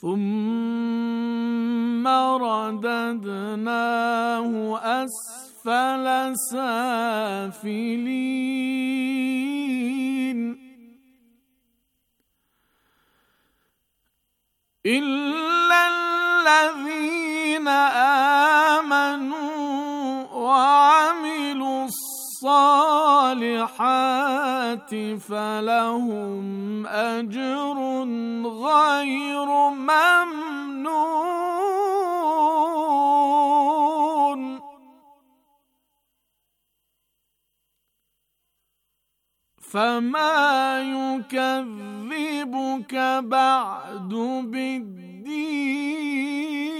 ثم رددناه أسفل سافلين إلا الذين آمنوا وعملوا الصالحات الصالحات فلهم أجر غير ممنون فما يكذبك بعد بالدين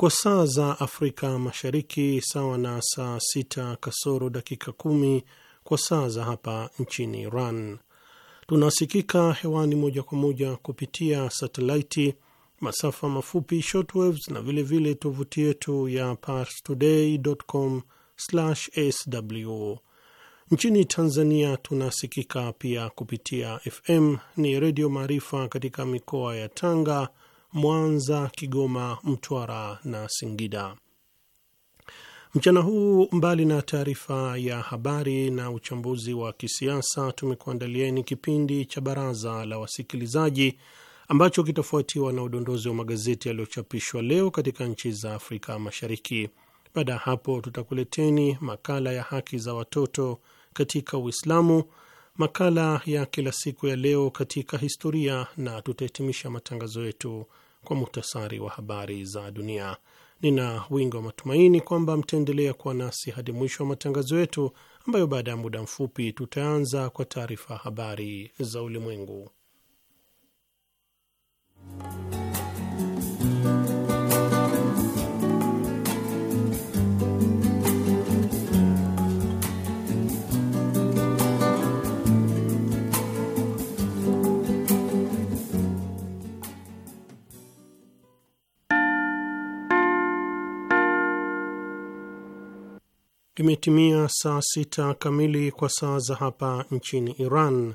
kwa saa za Afrika Mashariki, sawa na saa 6 kasoro dakika kumi kwa saa za hapa nchini Iran. Tunasikika hewani moja kwa moja kupitia satelaiti, masafa mafupi shortwaves na vilevile tovuti yetu ya parstoday.com/sw. Nchini Tanzania tunasikika pia kupitia FM ni Redio Maarifa katika mikoa ya Tanga, Mwanza, Kigoma, Mtwara na Singida. Mchana huu mbali na taarifa ya habari na uchambuzi wa kisiasa, tumekuandalieni kipindi cha baraza la wasikilizaji ambacho kitafuatiwa na udondozi wa magazeti yaliyochapishwa leo katika nchi za Afrika Mashariki. Baada ya hapo, tutakuleteni makala ya haki za watoto katika Uislamu makala ya kila siku ya leo katika historia, na tutahitimisha matangazo yetu kwa muhtasari wa habari za dunia. Nina wingi wa matumaini kwamba mtaendelea kuwa nasi hadi mwisho wa matangazo yetu, ambayo baada ya muda mfupi tutaanza kwa taarifa habari za ulimwengu. Imetimia saa sita kamili kwa saa za hapa nchini Iran,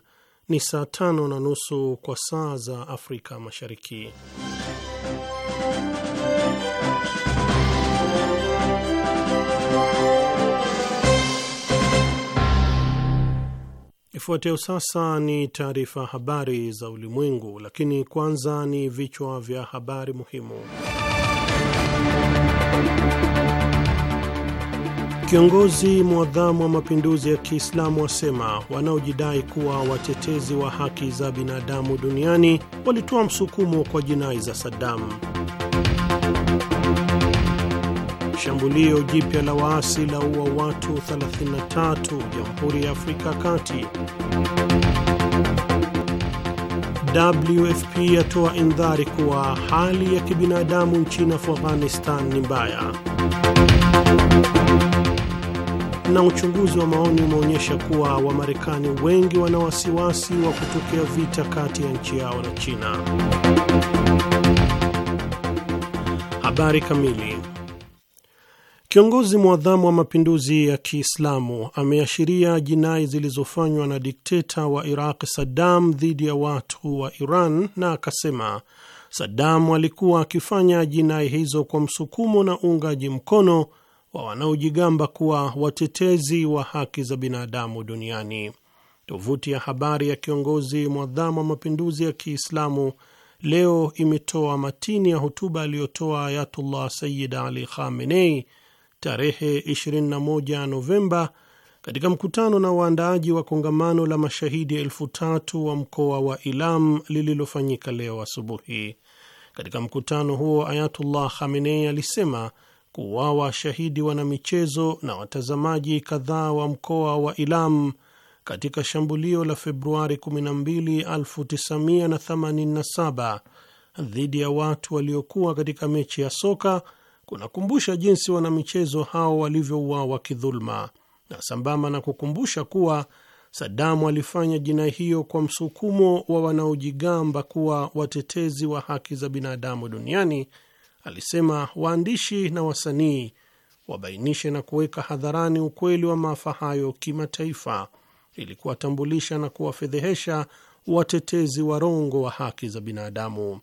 ni saa tano na nusu kwa saa za Afrika Mashariki. Ifuatayo sasa ni taarifa habari za ulimwengu, lakini kwanza ni vichwa vya habari muhimu. Kiongozi mwadhamu wa mapinduzi ya Kiislamu wasema wanaojidai kuwa watetezi wa haki za binadamu duniani walitoa msukumo kwa jinai za Saddam. Shambulio jipya la waasi la ua watu 33 Jamhuri ya Afrika Kati. WFP yatoa indhari kuwa hali ya kibinadamu nchini Afghanistan ni mbaya na uchunguzi wa maoni umeonyesha kuwa Wamarekani wengi wana wasiwasi wa kutokea vita kati ya nchi yao na China. Habari kamili. Kiongozi mwadhamu wa mapinduzi ya Kiislamu ameashiria jinai zilizofanywa na dikteta wa Iraq Saddam dhidi ya watu wa Iran na akasema Saddam alikuwa akifanya jinai hizo kwa msukumo na uungaji mkono wa wanaojigamba kuwa watetezi wa haki za binadamu duniani. Tovuti ya habari ya kiongozi mwadhamu wa mapinduzi ya Kiislamu leo imetoa matini ya hotuba aliyotoa Ayatullah Sayyid Ali Khamenei tarehe 21 Novemba katika mkutano na waandaaji wa kongamano la mashahidi elfu tatu wa mkoa wa Ilam lililofanyika leo asubuhi. Katika mkutano huo Ayatullah Khamenei alisema kuuawa shahidi wanamichezo na watazamaji kadhaa wa mkoa wa Ilam katika shambulio la Februari 12, 1987 dhidi ya watu waliokuwa katika mechi ya soka kunakumbusha jinsi wanamichezo hao walivyouawa kidhuluma, na sambamba na kukumbusha kuwa Sadamu alifanya jinai hiyo kwa msukumo wa wanaojigamba kuwa watetezi wa haki za binadamu duniani alisema waandishi na wasanii wabainishe na kuweka hadharani ukweli wa maafa hayo kimataifa ili kuwatambulisha na kuwafedhehesha watetezi warongo wa haki za binadamu.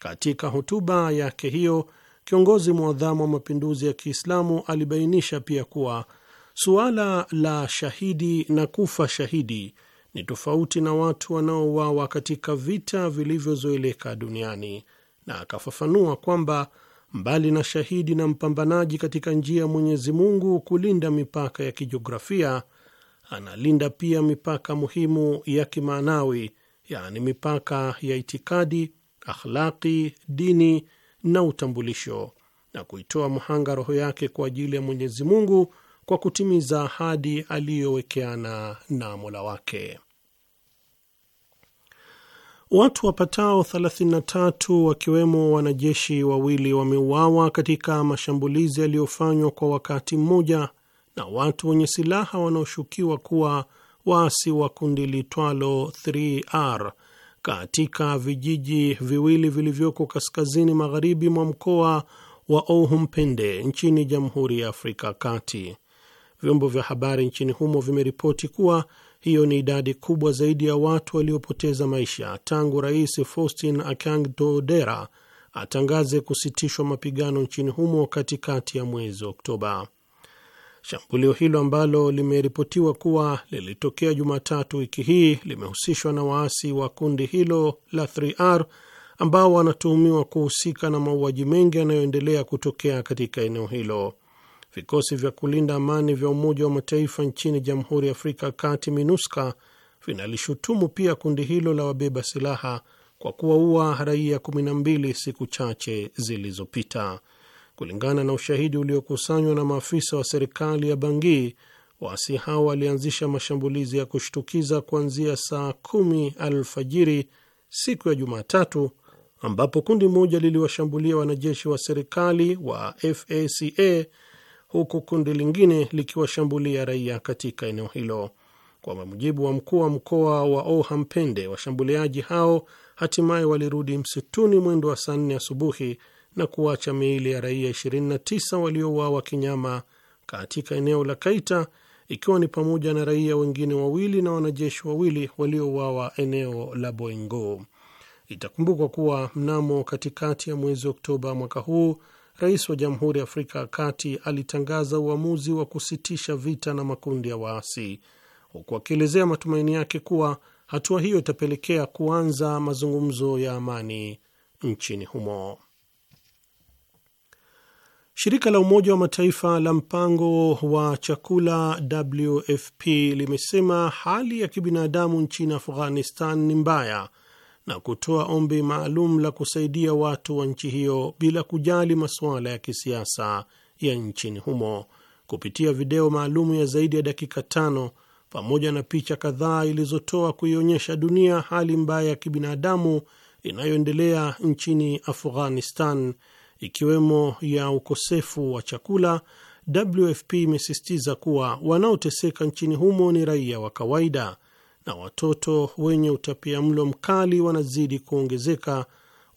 Katika hotuba yake hiyo, kiongozi mwadhamu wa mapinduzi ya Kiislamu alibainisha pia kuwa suala la shahidi na kufa shahidi ni tofauti na watu wanaouawa katika vita vilivyozoeleka duniani, na akafafanua kwamba mbali na shahidi na mpambanaji katika njia ya Mwenyezi Mungu kulinda mipaka ya kijiografia, analinda pia mipaka muhimu ya kimaanawi, yaani mipaka ya itikadi, akhlaqi, dini na utambulisho, na kuitoa mhanga roho yake kwa ajili ya Mwenyezi Mungu kwa kutimiza ahadi aliyowekeana na Mola wake. Watu wapatao 33 wakiwemo wanajeshi wawili wameuawa katika mashambulizi yaliyofanywa kwa wakati mmoja na watu wenye silaha wanaoshukiwa kuwa waasi wa kundi litwalo 3R katika vijiji viwili vilivyoko kaskazini magharibi mwa mkoa wa ohumpende nchini Jamhuri ya Afrika Kati. Vyombo vya habari nchini humo vimeripoti kuwa hiyo ni idadi kubwa zaidi ya watu waliopoteza maisha tangu Rais Faustin Akang todera atangaze kusitishwa mapigano nchini humo katikati ya mwezi Oktoba. Shambulio hilo ambalo limeripotiwa kuwa lilitokea Jumatatu wiki hii limehusishwa na waasi wa kundi hilo la 3R ambao wanatuhumiwa kuhusika na mauaji mengi yanayoendelea kutokea katika eneo hilo. Vikosi vya kulinda amani vya Umoja wa Mataifa nchini Jamhuri ya Afrika Kati, minuska vinalishutumu pia kundi hilo la wabeba silaha kwa kuwaua raia 12 siku chache zilizopita. Kulingana na ushahidi uliokusanywa na maafisa wa serikali ya Bangi, waasi hao walianzisha mashambulizi ya kushtukiza kuanzia saa kumi alfajiri siku ya Jumatatu, ambapo kundi moja liliwashambulia wanajeshi wa serikali wa FACA huku kundi lingine likiwashambulia raia katika eneo hilo. Kwa mujibu wa mkuu wa mkoa wa Ohampende, washambuliaji hao hatimaye walirudi msituni mwendo wa saa nne asubuhi na kuacha miili ya raia 29 waliouawa kinyama katika eneo la Kaita, ikiwa ni pamoja na raia wengine wawili na wanajeshi wawili waliouawa eneo la Boingo. Itakumbukwa kuwa mnamo katikati ya mwezi Oktoba mwaka huu rais wa Jamhuri ya Afrika ya Kati alitangaza uamuzi wa kusitisha vita na makundi ya waasi, huku akielezea matumaini yake kuwa hatua hiyo itapelekea kuanza mazungumzo ya amani nchini humo. Shirika la Umoja wa Mataifa la mpango wa chakula WFP limesema hali ya kibinadamu nchini Afghanistan ni mbaya na kutoa ombi maalum la kusaidia watu wa nchi hiyo bila kujali masuala ya kisiasa ya nchini humo kupitia video maalumu ya zaidi ya dakika tano pamoja na picha kadhaa ilizotoa kuionyesha dunia hali mbaya ya kibinadamu inayoendelea nchini Afghanistan ikiwemo ya ukosefu wa chakula. WFP imesisitiza kuwa wanaoteseka nchini humo ni raia wa kawaida na watoto wenye mlo mkali wanazidi kuongezeka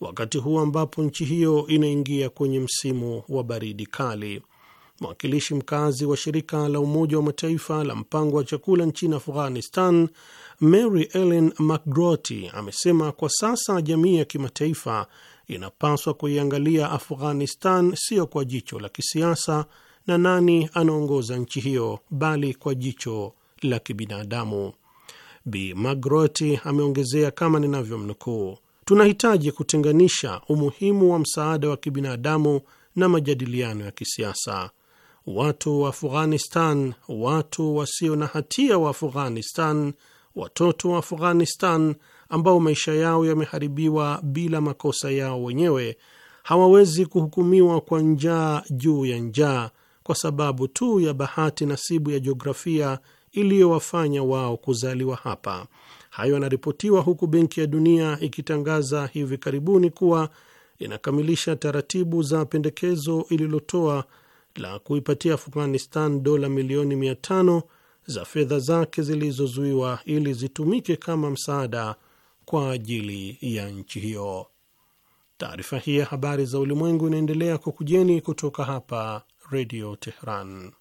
wakati huu ambapo nchi hiyo inaingia kwenye msimu wa baridi kali. Mwakilishi mkazi wa shirika la Umoja wa Mataifa la mpango wa chakula nchini Afghanistan, Mary Ellen McGrorty, amesema kwa sasa jamii ya kimataifa inapaswa kuiangalia Afghanistan sio kwa jicho la kisiasa na nani anaongoza nchi hiyo, bali kwa jicho la kibinadamu b Magroti ameongezea kama ninavyomnukuu, tunahitaji kutenganisha umuhimu wa msaada wa kibinadamu na majadiliano ya kisiasa. Watu wa Afghanistan, watu wasio na hatia wa Afghanistan, watoto wa Afghanistan ambao maisha yao yameharibiwa bila makosa yao wenyewe hawawezi kuhukumiwa kwa njaa juu ya njaa kwa sababu tu ya bahati nasibu ya jiografia iliyowafanya wao kuzaliwa hapa. Hayo yanaripotiwa huku Benki ya Dunia ikitangaza hivi karibuni kuwa inakamilisha taratibu za pendekezo ililotoa la kuipatia Afghanistan dola milioni mia tano za fedha zake zilizozuiwa ili zitumike kama msaada kwa ajili ya nchi hiyo. Taarifa hii ya habari za ulimwengu inaendelea kwa kujeni kutoka hapa Redio Teheran.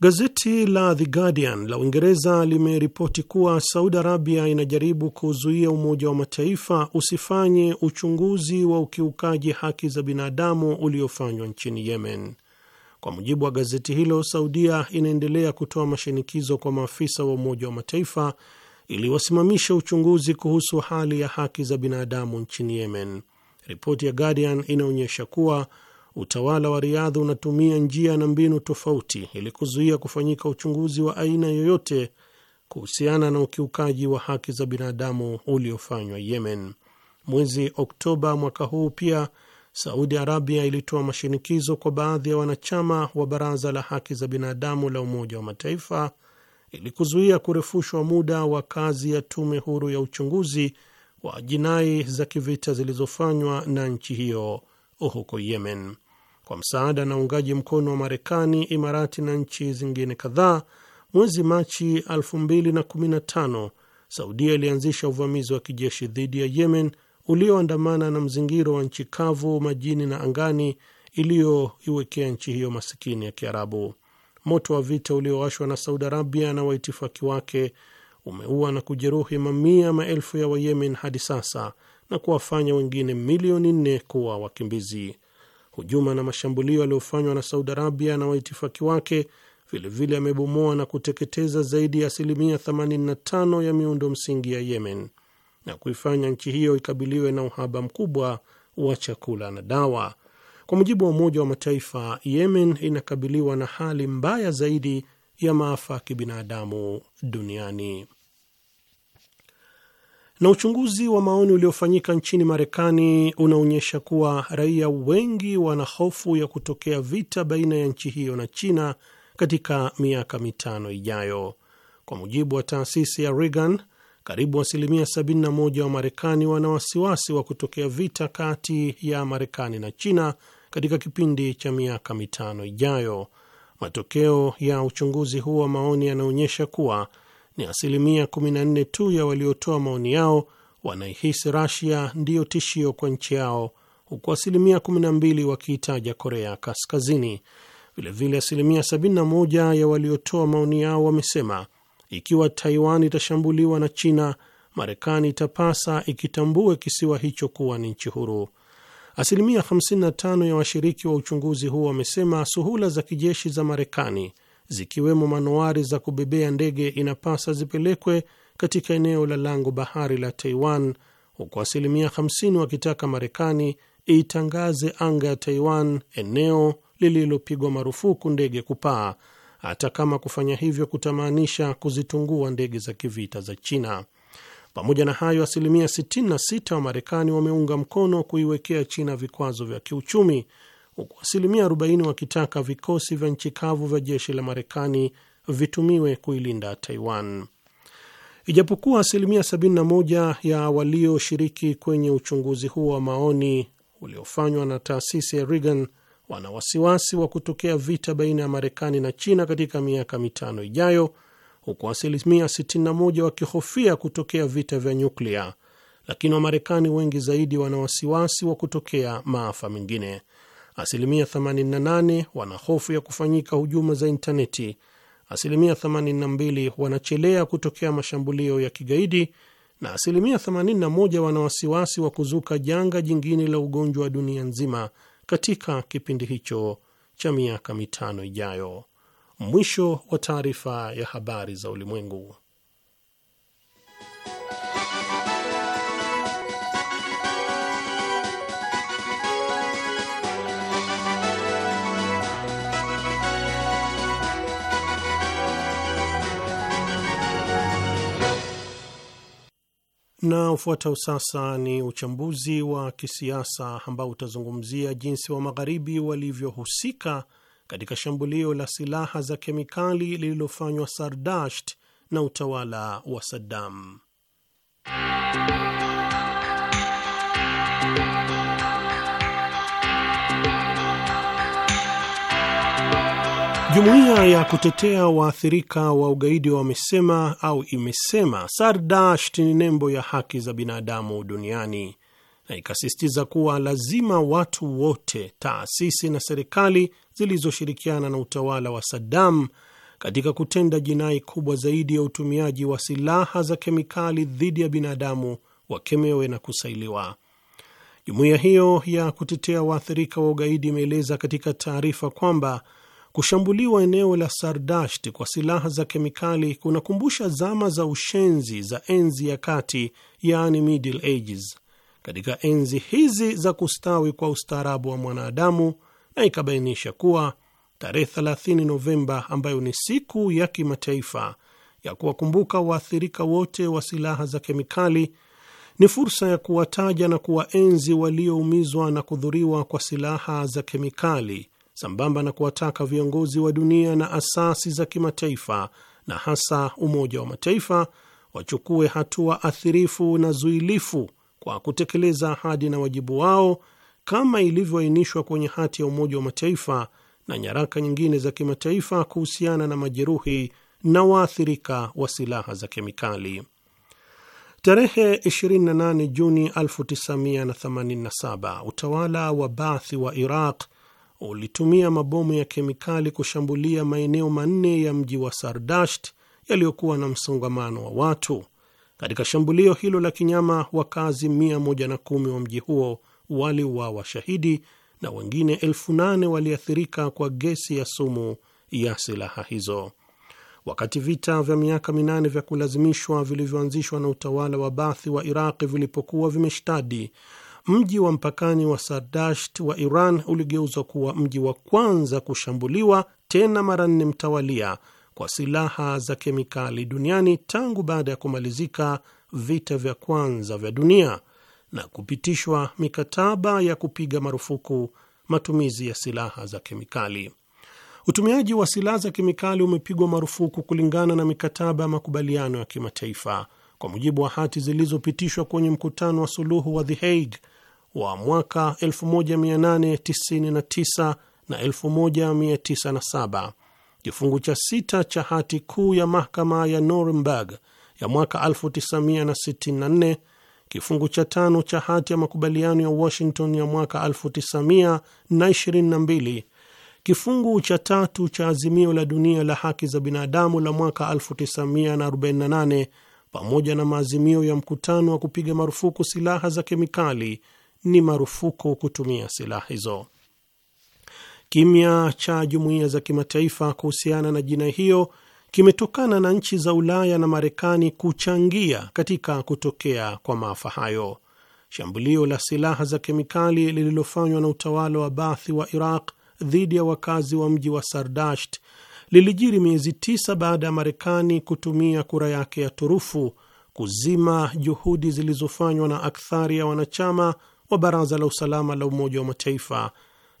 Gazeti la The Guardian la Uingereza limeripoti kuwa Saudi Arabia inajaribu kuzuia Umoja wa Mataifa usifanye uchunguzi wa ukiukaji haki za binadamu uliofanywa nchini Yemen. Kwa mujibu wa gazeti hilo, Saudia inaendelea kutoa mashinikizo kwa maafisa wa Umoja wa Mataifa ili wasimamishe uchunguzi kuhusu hali ya haki za binadamu nchini Yemen. Ripoti ya Guardian inaonyesha kuwa utawala wa Riadha unatumia njia na mbinu tofauti ili kuzuia kufanyika uchunguzi wa aina yoyote kuhusiana na ukiukaji wa haki za binadamu uliofanywa Yemen. Mwezi Oktoba mwaka huu pia Saudi Arabia ilitoa mashinikizo kwa baadhi ya wanachama wa Baraza la Haki za Binadamu la Umoja wa Mataifa ili kuzuia kurefushwa muda wa kazi ya tume huru ya uchunguzi wa jinai za kivita zilizofanywa na nchi hiyo huko Yemen kwa msaada na uungaji mkono wa Marekani, Imarati na nchi zingine kadhaa, mwezi Machi 2015 Saudia ilianzisha uvamizi wa kijeshi dhidi ya Yemen ulioandamana na mzingiro wa nchi kavu, majini na angani iliyoiwekea nchi hiyo masikini ya Kiarabu. Moto wa vita uliowashwa na Saudi Arabia na waitifaki wake umeua na kujeruhi mamia maelfu ya Wayemen hadi sasa na kuwafanya wengine milioni nne kuwa wakimbizi. Hujuma na mashambulio yaliyofanywa na Saudi Arabia na waitifaki wake vilevile amebomoa na kuteketeza zaidi ya asilimia 85 ya miundo msingi ya Yemen na kuifanya nchi hiyo ikabiliwe na uhaba mkubwa wa chakula na dawa. Kwa mujibu wa Umoja wa Mataifa, Yemen inakabiliwa na hali mbaya zaidi ya maafa ya kibinadamu duniani. Na uchunguzi wa maoni uliofanyika nchini Marekani unaonyesha kuwa raia wengi wana hofu ya kutokea vita baina ya nchi hiyo na China katika miaka mitano ijayo. Kwa mujibu wa taasisi ya Reagan, karibu asilimia 71 wa Marekani wana wasiwasi wa kutokea vita kati ya Marekani na China katika kipindi cha miaka mitano ijayo. Matokeo ya uchunguzi huu wa maoni yanaonyesha kuwa ni asilimia 14 tu ya waliotoa maoni yao wanaihisi Rasia ndiyo tishio kwa nchi yao, huku asilimia 12 wakiitaja Korea Kaskazini. Vilevile, asilimia 71 ya waliotoa maoni yao wamesema ikiwa Taiwan itashambuliwa na China, Marekani itapasa ikitambue kisiwa hicho kuwa ni nchi huru. Asilimia 55 ya washiriki wa uchunguzi huo wamesema suhula za kijeshi za Marekani zikiwemo manuari za kubebea ndege inapasa zipelekwe katika eneo la lango bahari la Taiwan, huku asilimia 50 wakitaka Marekani itangaze anga ya Taiwan eneo lililopigwa marufuku ndege kupaa, hata kama kufanya hivyo kutamaanisha kuzitungua ndege za kivita za China. Pamoja na hayo, asilimia 66 wa Marekani wameunga mkono kuiwekea China vikwazo vya kiuchumi huku asilimia 40 wakitaka vikosi vya nchi kavu vya jeshi la Marekani vitumiwe kuilinda Taiwan. Ijapokuwa asilimia 71 ya walioshiriki kwenye uchunguzi huo wa maoni uliofanywa na taasisi ya Reagan wana wasiwasi wa kutokea vita baina ya Marekani na China katika miaka mitano ijayo, huku asilimia 61 wakihofia kutokea vita vya nyuklia, lakini Wamarekani wengi zaidi wana wasiwasi wa kutokea maafa mengine asilimia 88 wana hofu ya kufanyika hujuma za intaneti, asilimia 82 wanachelea kutokea mashambulio ya kigaidi na asilimia 81 wana wasiwasi wa kuzuka janga jingine la ugonjwa wa dunia nzima katika kipindi hicho cha miaka mitano ijayo. Mwisho wa taarifa ya habari za ulimwengu. Na ufuatao sasa ni uchambuzi wa kisiasa ambao utazungumzia jinsi wa magharibi walivyohusika katika shambulio la silaha za kemikali lililofanywa Sardasht na utawala wa Saddam. Jumuiya ya kutetea waathirika wa ugaidi wamesema au imesema Sardasht ni nembo ya haki za binadamu duniani na ikasisitiza kuwa lazima watu wote, taasisi na serikali zilizoshirikiana na utawala wa Saddam katika kutenda jinai kubwa zaidi ya utumiaji wa silaha za kemikali dhidi ya binadamu wakemewe na kusailiwa. Jumuiya hiyo ya kutetea waathirika wa ugaidi imeeleza katika taarifa kwamba Kushambuliwa eneo la Sardasht kwa silaha za kemikali kunakumbusha zama za ushenzi za enzi ya kati, yaani Middle Ages. Katika enzi hizi za kustawi kwa ustaarabu wa mwanadamu, na ikabainisha kuwa tarehe 30 Novemba, ambayo ni siku ya kimataifa ya kuwakumbuka waathirika wote wa silaha za kemikali, ni fursa ya kuwataja na kuwaenzi walioumizwa na kudhuriwa kwa silaha za kemikali sambamba na kuwataka viongozi wa dunia na asasi za kimataifa na hasa Umoja wa Mataifa wachukue hatua athirifu na zuilifu kwa kutekeleza ahadi na wajibu wao kama ilivyoainishwa kwenye hati ya Umoja wa Mataifa na nyaraka nyingine za kimataifa kuhusiana na majeruhi na waathirika wa silaha za kemikali. Tarehe 28 Juni 1987 utawala wa Baathi wa Iraq ulitumia mabomu ya kemikali kushambulia maeneo manne ya mji wa Sardasht yaliyokuwa na msongamano wa watu. Katika shambulio hilo la kinyama, wakazi 110 wa mji huo waliuawa shahidi na wengine elfu nane waliathirika kwa gesi ya sumu ya silaha hizo. Wakati vita vya miaka minane vya kulazimishwa vilivyoanzishwa na utawala wa Baathi wa Iraqi vilipokuwa vimeshtadi, mji wa mpakani wa Sardasht wa Iran uligeuzwa kuwa mji wa kwanza kushambuliwa tena mara nne mtawalia kwa silaha za kemikali duniani tangu baada ya kumalizika vita vya kwanza vya dunia na kupitishwa mikataba ya kupiga marufuku matumizi ya silaha za kemikali. Utumiaji wa silaha za kemikali umepigwa marufuku kulingana na mikataba ya makubaliano ya kimataifa. Kwa mujibu wa hati zilizopitishwa kwenye mkutano wa suluhu wa The Hague wa mwaka 1899 na 1907. Kifungu cha sita cha hati kuu ya mahakama ya Nuremberg ya mwaka 1964, kifungu cha tano cha hati ya makubaliano ya Washington ya mwaka 1922, kifungu cha tatu cha azimio la dunia la haki za binadamu la mwaka 1948 pamoja na maazimio ya mkutano wa kupiga marufuku silaha za kemikali ni marufuku kutumia silaha hizo. Kimya cha jumuiya za kimataifa kuhusiana na jinai hiyo kimetokana na nchi za Ulaya na Marekani kuchangia katika kutokea kwa maafa hayo. Shambulio la silaha za kemikali lililofanywa na utawala wa Baathi wa Iraq dhidi ya wakazi wa mji wa Sardasht lilijiri miezi tisa baada ya Marekani kutumia kura yake ya turufu kuzima juhudi zilizofanywa na akthari ya wanachama wa Baraza la Usalama la Umoja wa Mataifa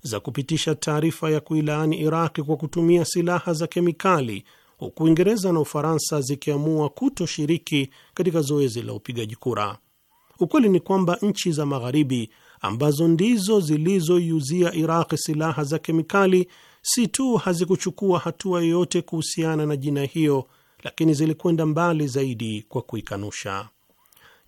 za kupitisha taarifa ya kuilaani Iraqi kwa kutumia silaha za kemikali, huku Uingereza na Ufaransa zikiamua kutoshiriki katika zoezi la upigaji kura. Ukweli ni kwamba nchi za Magharibi ambazo ndizo zilizoiuzia Iraqi silaha za kemikali si tu hazikuchukua hatua yoyote kuhusiana na jina hiyo, lakini zilikwenda mbali zaidi kwa kuikanusha.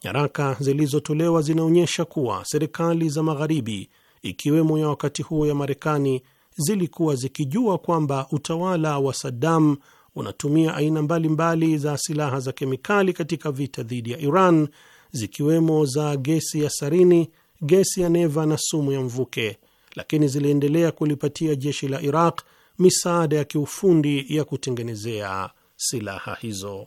Nyaraka zilizotolewa zinaonyesha kuwa serikali za magharibi ikiwemo ya wakati huo ya Marekani zilikuwa zikijua kwamba utawala wa Saddam unatumia aina mbalimbali mbali za silaha za kemikali katika vita dhidi ya Iran, zikiwemo za gesi ya sarini, gesi ya neva na sumu ya mvuke, lakini ziliendelea kulipatia jeshi la Iraq misaada ya kiufundi ya kutengenezea silaha hizo.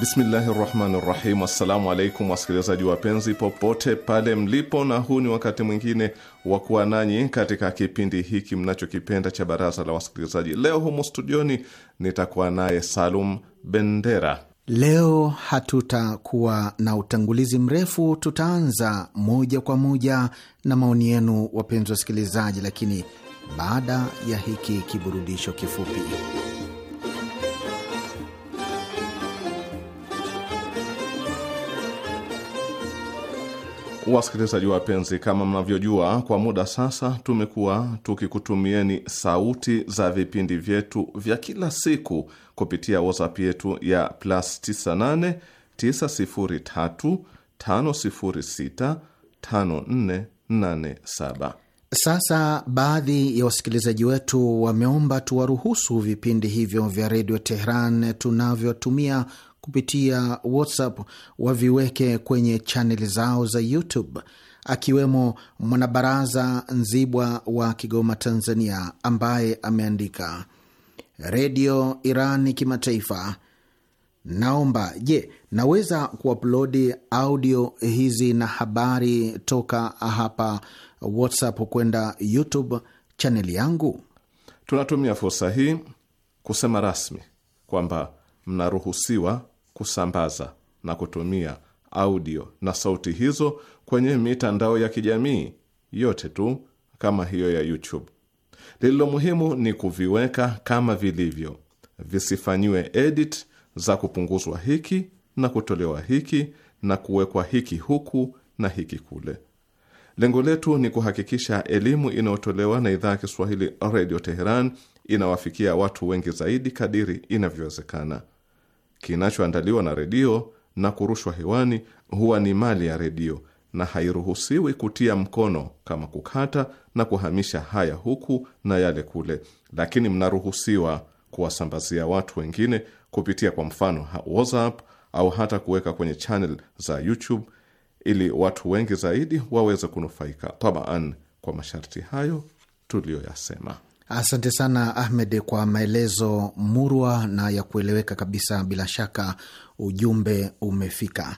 Bismillahi rahmani rahim. Assalamu alaikum wasikilizaji wapenzi popote pale mlipo, na huu ni wakati mwingine wa kuwa nanyi katika kipindi hiki mnachokipenda cha baraza la wasikilizaji. Leo humu studioni nitakuwa naye Salum Bendera. Leo hatutakuwa na utangulizi mrefu, tutaanza moja kwa moja na maoni yenu wapenzi wasikilizaji, lakini baada ya hiki kiburudisho kifupi. Wasikilizaji wapenzi, kama mnavyojua, kwa muda sasa tumekuwa tukikutumieni sauti za vipindi vyetu vya kila siku kupitia WhatsApp yetu ya plus 98 903 506 5487. Sasa baadhi ya wasikilizaji wetu wameomba tuwaruhusu vipindi hivyo vya redio Tehran tunavyotumia kupitia WhatsApp waviweke kwenye chaneli zao za YouTube, akiwemo mwanabaraza Nzibwa wa Kigoma, Tanzania, ambaye ameandika Redio Iran Kimataifa, naomba je, naweza kuaplodi audio hizi na habari toka hapa WhatsApp kwenda YouTube chaneli yangu? Tunatumia fursa hii kusema rasmi kwamba mnaruhusiwa kusambaza na kutumia audio na sauti hizo kwenye mitandao ya kijamii yote tu kama hiyo ya YouTube. Lililo muhimu ni kuviweka kama vilivyo, visifanyiwe edit za kupunguzwa hiki na kutolewa hiki na kuwekwa hiki huku na hiki kule. Lengo letu ni kuhakikisha elimu inayotolewa na idhaa ya Kiswahili Radio Teheran inawafikia watu wengi zaidi kadiri inavyowezekana kinachoandaliwa na redio na kurushwa hewani huwa ni mali ya redio na hairuhusiwi kutia mkono kama kukata na kuhamisha haya huku na yale kule, lakini mnaruhusiwa kuwasambazia watu wengine kupitia kwa mfano WhatsApp au hata kuweka kwenye channel za YouTube ili watu wengi zaidi waweze kunufaika tabaan, kwa masharti hayo tuliyoyasema. Asante sana Ahmed kwa maelezo murwa na ya kueleweka kabisa. Bila shaka ujumbe umefika.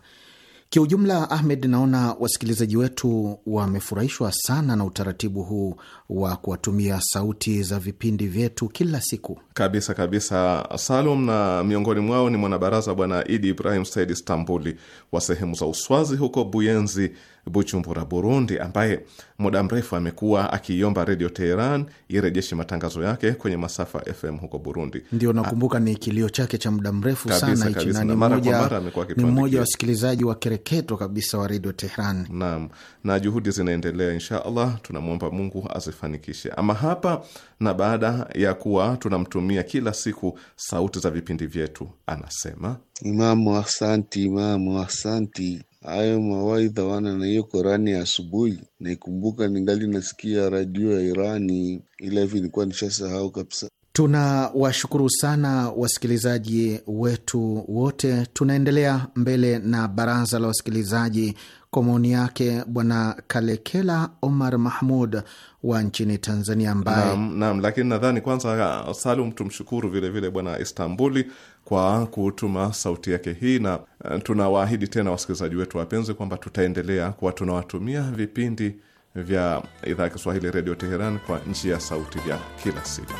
Kiujumla Ahmed, naona wasikilizaji wetu wamefurahishwa sana na utaratibu huu wa kuwatumia sauti za vipindi vyetu kila siku. Kabisa kabisa, Salum. Na miongoni mwao ni mwanabaraza Bwana Idi Ibrahim Said Stambuli wa sehemu za Uswazi huko Buyenzi, Bujumbura, Burundi, ambaye muda mrefu amekuwa akiiomba Redio Teheran irejeshe matangazo yake kwenye masafa FM huko Burundi. Ndio nakumbuka ah, ni kilio chake cha muda mrefu sana hichi, na ni mmoja wa wasikilizaji wa kereketo kabisa wa Redio Teheran. Naam, na juhudi zinaendelea, insha Allah tunamwomba Mungu azifanikishe. Ama hapa na baada ya kuwa tunamtumia kila siku sauti za vipindi vyetu, anasema Imamu, asanti Imamu, asanti hayo mawaidha wana na hiyo Korani ya asubuhi, naikumbuka ningali nasikia redio ya Irani, ila hivi nilikuwa nishasahau kabisa. Tunawashukuru sana wasikilizaji wetu wote. Tunaendelea mbele na baraza la wasikilizaji kwa maoni yake Bwana Kalekela Omar Mahmud wa nchini Tanzania, ambaye naam, lakini nadhani kwanza Salum tumshukuru vilevile Bwana istanbuli kwa kutuma sauti yake hii, na eh, tunawaahidi tena wasikilizaji wetu wapenzi kwamba tutaendelea kuwa tunawatumia vipindi vya idhaa ya Kiswahili Redio Teheran kwa njia ya sauti vya kila siku.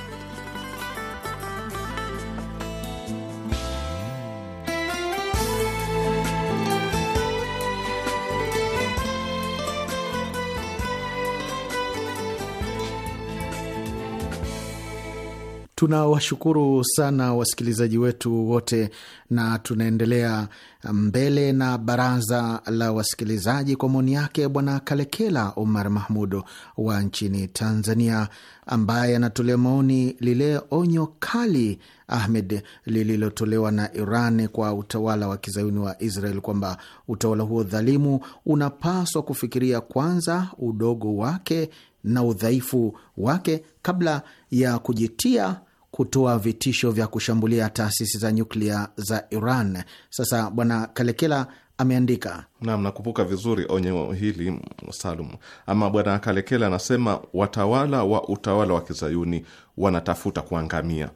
Tunawashukuru sana wasikilizaji wetu wote, na tunaendelea mbele na baraza la wasikilizaji kwa maoni yake Bwana Kalekela Omar Mahmud wa nchini Tanzania, ambaye anatolea maoni lile onyo kali Ahmed lililotolewa na Iran kwa utawala wa kizayuni wa Israel kwamba utawala huo dhalimu unapaswa kufikiria kwanza udogo wake na udhaifu wake kabla ya kujitia kutoa vitisho vya kushambulia taasisi za nyuklia za Iran. Sasa Bwana Kalekela ameandika nam, nakumbuka vizuri onye hili Salum. Ama Bwana Kalekela anasema watawala wa utawala wa kizayuni wanatafuta kuangamia,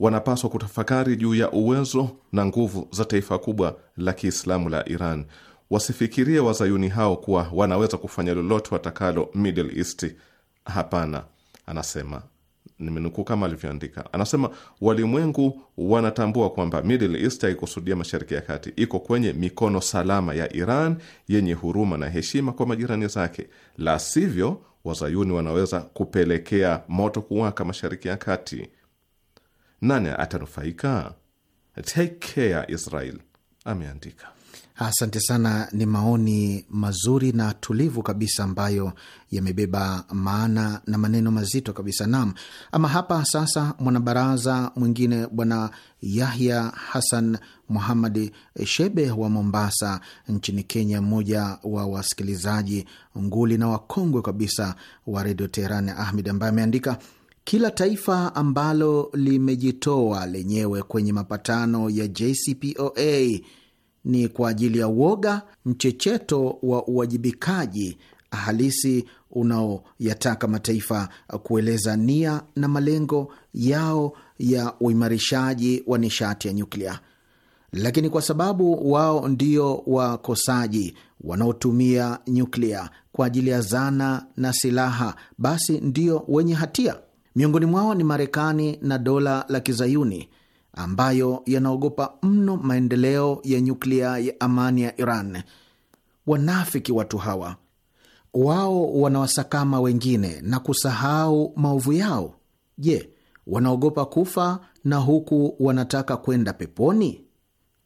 wanapaswa kutafakari juu ya uwezo na nguvu za taifa kubwa la Kiislamu la Iran. Wasifikirie wazayuni hao kuwa wanaweza kufanya lolote watakalo Middle East. Hapana, anasema nimenukuu kama alivyoandika, anasema walimwengu wanatambua kwamba Middle East haikusudia Mashariki ya Kati, iko kwenye mikono salama ya Iran yenye huruma na heshima kwa majirani zake, la sivyo wazayuni wanaweza kupelekea moto kuwaka Mashariki ya Kati. Nani atanufaika? Take care Israel, ameandika. Asante sana, ni maoni mazuri na tulivu kabisa ambayo yamebeba maana na maneno mazito kabisa. Naam, ama hapa sasa mwanabaraza mwingine Bwana Yahya Hassan Muhammad Shebe wa Mombasa nchini Kenya, mmoja wa wasikilizaji nguli na wakongwe kabisa wa Redio Teheran Ahmed, ambaye ameandika kila taifa ambalo limejitoa lenyewe kwenye mapatano ya JCPOA ni kwa ajili ya uoga, mchecheto wa uwajibikaji halisi unaoyataka mataifa kueleza nia na malengo yao ya uimarishaji wa nishati ya nyuklia, lakini kwa sababu wao ndio wakosaji wanaotumia nyuklia kwa ajili ya zana na silaha, basi ndio wenye hatia. Miongoni mwao ni Marekani na dola la Kizayuni ambayo yanaogopa mno maendeleo ya nyuklia ya amani ya Iran. Wanafiki watu hawa, wao wanawasakama wengine na kusahau maovu yao. Je, wanaogopa kufa na huku wanataka kwenda peponi?